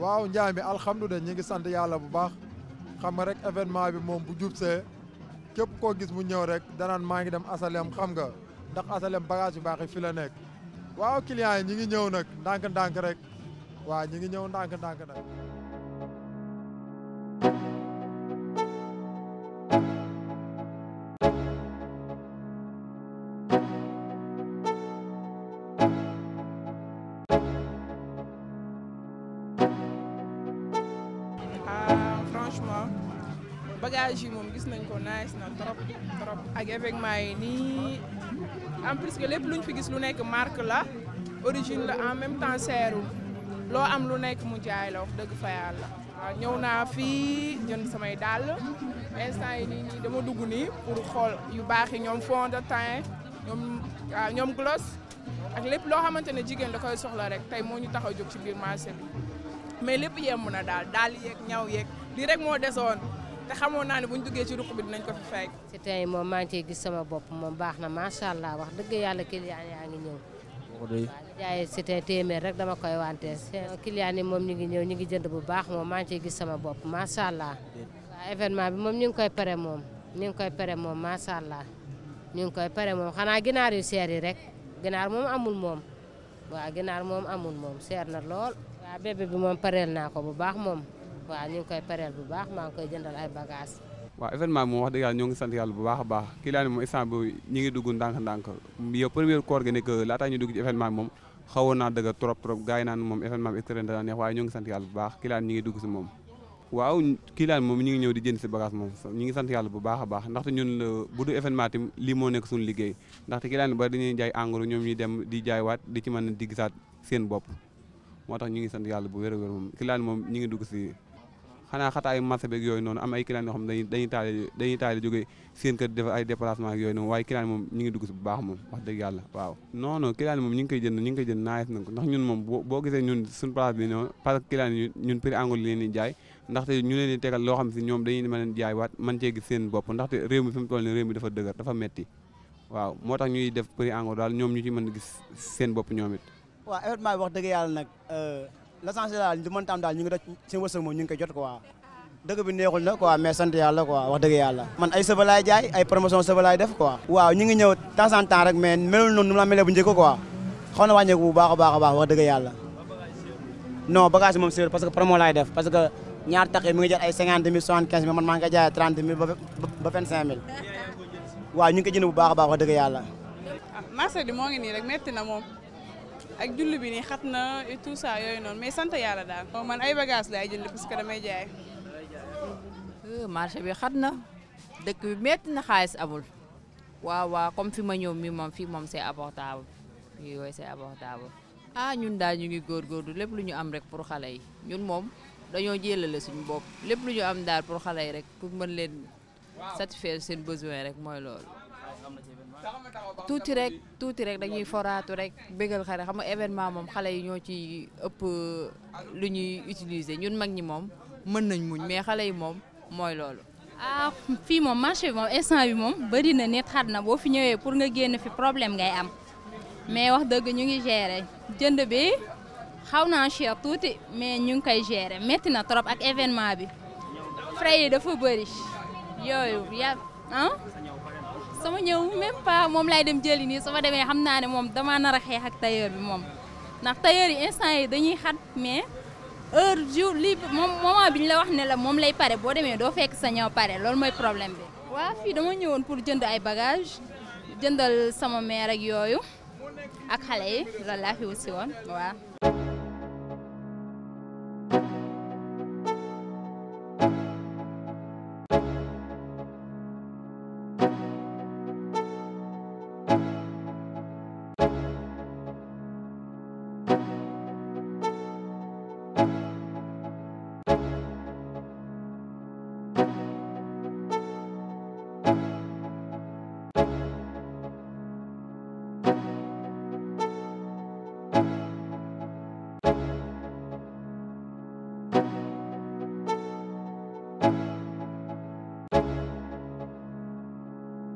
waaw njaay mi alhamdulilah ñi ngi sant yàlla bu baax xam nga rek événement bi moom bu jub see képp koo gis mu ñëw rek danaan maa ngi dem asalem xam nga ndax asalem bagage yu baax yi la nekk waaw clients yi ñi ngi ñëw nag ndànk-ndànk rek waaw ñi ngi ñëw ndànk-ndànk nag bagage yi moom gis nañ ko nice na trop trop ak événement yi nii en plus que lépp luñ fi gis lu nekk marque la origine la en même temps seeru loo am lu nekk mu jaay la wax dëgg fa yàlla waaw ñëw naa fii jënd samay dàll instant yi nii nii dama dugg nii pour xool yu baax yi ñoom fond de teint ñoom waaw gloss ak lépp loo xamante ne jigéen da koy soxla rek tey moo ñu tax jog ci biir marché bi mais lépp yemb na daal daal yeeg ñaw yeeg lii rek moo desoon te xamoon naa ne bu ñu duggee ci ruq bi ko fekk. si tey moom maa ngi ciy gis sama bopp moom baax na macha allah wax dëgg yàlla client yaa ngi ñëw. waaw jaay si tey téeméer rek dama koy wante client ni moom ñu ngi ñëw ñu ngi jënd bu baax moom maa ngi gis sama bopp macha allah. waaw événement bi moom ñu ngi koy pare moom ñu ngi koy pare moom macha allah ñu ngi koy pare moom xanaa ginaar yu seer yi rek ginaar moom amul moom waa ginaar moom amul moom seer na lool. bi moom pareel naa ko bu baax moom. waaw ñu ngi koy pareel bu baax maa ngi koy jëndal ay bagages. waaw événement bi moom wax dëgg ñoo ngi sant yàlla bu baax baax kii laa ne moom ñu ngi dugg ndànk-ndànk yow premier laataa ñu dugg ci événement bi moom xawoon naa dëgg trop trop gars yi naan moom événement bi externe dana neex waaye ñoo ngi sant yàlla bu baax kii laa ne ñu si moom waaw moom ñu ngi ñëw di jënd si bagage moom ñu ngi sant yàlla bu baax a baax ndaxte ñun bu du événement tam lii moo nekk suñu liggéey ndaxte kii laa ne ba dañuy jaay engrais ñoom ñuy dem di jaaywaat di ci mën di gisaat seen bopp moo tax ñu ngi sant yàlla bu wér a wér moom kii moom ñu ngi dugg si xanaa xataa ay marché beeg yooyu noonu am ay client yoo xam dañuy dañuy taal dañuy taal jóge seen kër def ay déplacement ak yooyu noonu waaye client moom ñu ngi dugg si bu baax moom wax dëgg ndax ñun moom boo gisee ñun suñu place bi noonu parce que yi ñun prix angle leen di jaay ndaxte ñu leen tegal loo xam si ñoom dañuy mën jaay waat man cee gis seen bopp ndaxte réew mi fi toll nii réew mi dafa dëgër dafa metti waaw moo tax ñuy def prix angle daal l'essentiel daal li mën taam daal ñu ngi doj seen wërsëg moom ñu ngi koy jot bi neexul na quoi mais sant yàlla wax dëgg yàlla man ay sëba jaay ay promotion sëba def quoi waaw ñu ñëw temps en rek mais melul noonu nu mu la melee bu njëkk na wàññeeku bu baax a baax a baax wax dëgg yàlla non bagage moom séer parce que promo laay def parce que ñaar taqe mi ay cinquante mille soixante quinze mille man maa ngi koy jaayee trente ba vingt cinq mille waaw a ak julli bi nii xat na et tout ça yooyu noonu mais sant yàlla daal. man ay bagages laay jënd parce que damay jaay. Euh, marché bi xat na dëkk bi métti na xaalis amul waaw waaw comme fi ma ñëw mi moom fii moom c'est abordable fii yooyu c'est abordable ah ñun daal ñu ngi góorgóorlu lépp lu ñu am rek pour xale yi ñun moom dañoo jëlale suñu bopp lép lu ñu am daal pour xale yi rek pour mën leen satisfaire seen besoin rek mooy loolu. tuuti rek tuuti rek dañuy foraatu rek bégal xale xam nga événement moom xale yi ñoo ci ëpp lu ñuy utiliser ñun mag ñi moom mën nañ muñ mais xale yi moom mooy loolu. ah fii moom marché bi moom instant bi moom bëri na net xat na boo fi ñëwee pour nga génn fi problème ngay am mais wax dëgg ñu ngi gérer jënd bi xaw naa cher tuuti mais ñu ngi koy gérer métti na trop ak événement bi frais yi dafa bëri yooyu ya ah. sama ñëw même pas moom lay dem jëli nii sama demee xam naa ne moom damaa nar a xeex ak tailleur bi moom ndax tailleur yi instant yi dañuy xat mais heure jour lii moom bi ñu la wax ne la moom lay pare boo demee doo fekk sa ñëw pare loolu mooy problème bi. waa fii dama ñëwoon pour jënd ay bagage jëndal sama mère ak yooyu ak xale yi loolu laa fi wusi woon waaw.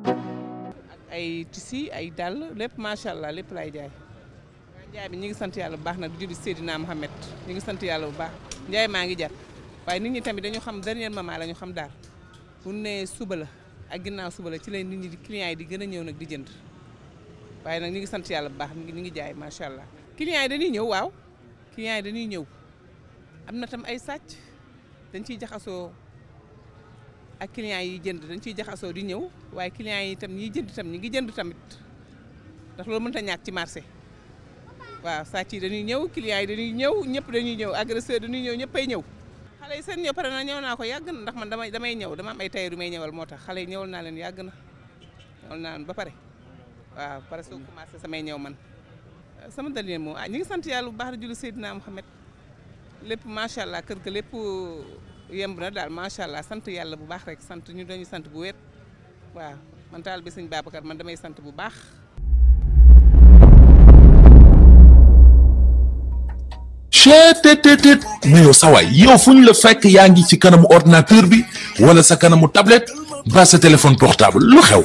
ak ay tissus ay dàll lépp macha allah lépp lay jaay. waaw njaay bi ñu ngi sant yàlla bu baax nag di jublu Seydina Mohamed ñu ngi sant yàlla bu baax njaay maa ngi jar waaye nit ñi tamit dañu xam dernier moment la ñu xam daal bu ne suba la ak ginnaaw suba la ci lañ nit ñi di clients yi di gën a ñëw nag di jënd waaye nag ñu ngi sant yàlla bu baax ñu ngi jaay macha allah. clients yi dañuy ñëw waaw clients yi dañuy ñëw am na tam ay sàcc dañ ciy jaxasoo. ak clients yi jënd dañ ciy jaxasoo di ñëw waaye clients yi itam ñiy jënd tam ñi ngi jënd tamit ndax loolu mënut a ñàkk ci marché waaw sàcc yi dañuy ñëw clients yi dañuy ñëw ñëpp dañuy ñëw agresseur dañuy ñëw ñëppay ñëw xale yi seen ñëw pare na ñëw naa ko yàgg na ndax man damay damay ñëw am ay tailleur may ñëwal moo tax xale yi ñëwal naa leen yàgg na ñëwal naa leen ba pare waaw pare soo commencé samay ñëw man sama dalier moom ah ngi sant yàlla bu baax di julli Seydina Mouhamed lépp macha allah kër ga lépp yemb na daal macha allah sant yàlla bu baax rek sant ñu dañu sant bu wet waa man taal bi sëñ Babacar man damay sant bu baax. chetetetet mais yow sawaay yow fu ñu la fekk yaa ngi ci kanamu ordinateur bi wala sa kanamu tablette ba sa téléphone portable lu xew.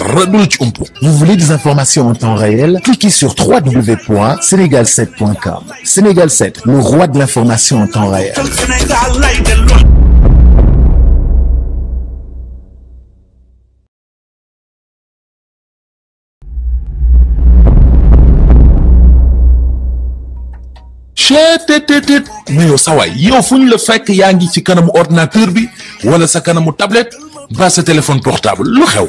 dara du la ci umpu. Vous voulez des le roi de l'information en temps réel. cheetetetet mais yow sawaay yow fu ñu la fekk yaa ngi ci kanamu ordinateur bi wala sa kanamu tablette ba sa téléphone portable lu xew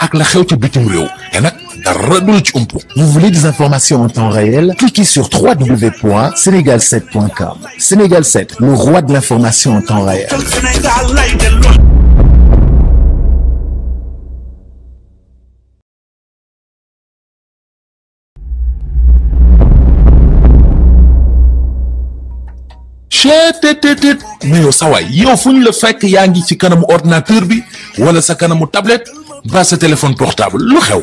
ak la xew ci bitim réew te nag dara du la ci umpu. Vous voulez des informations en temps réel? Cliquez sur www.senegal7.com. Sénégal 7, le roi de l'information en temps réel. chetetetet mais yow sawaay yow fu ñu la fekk yaa ngi ci kanamu ordinateur bi wala sa kanamu tablette ba sa téléphone portable lu xew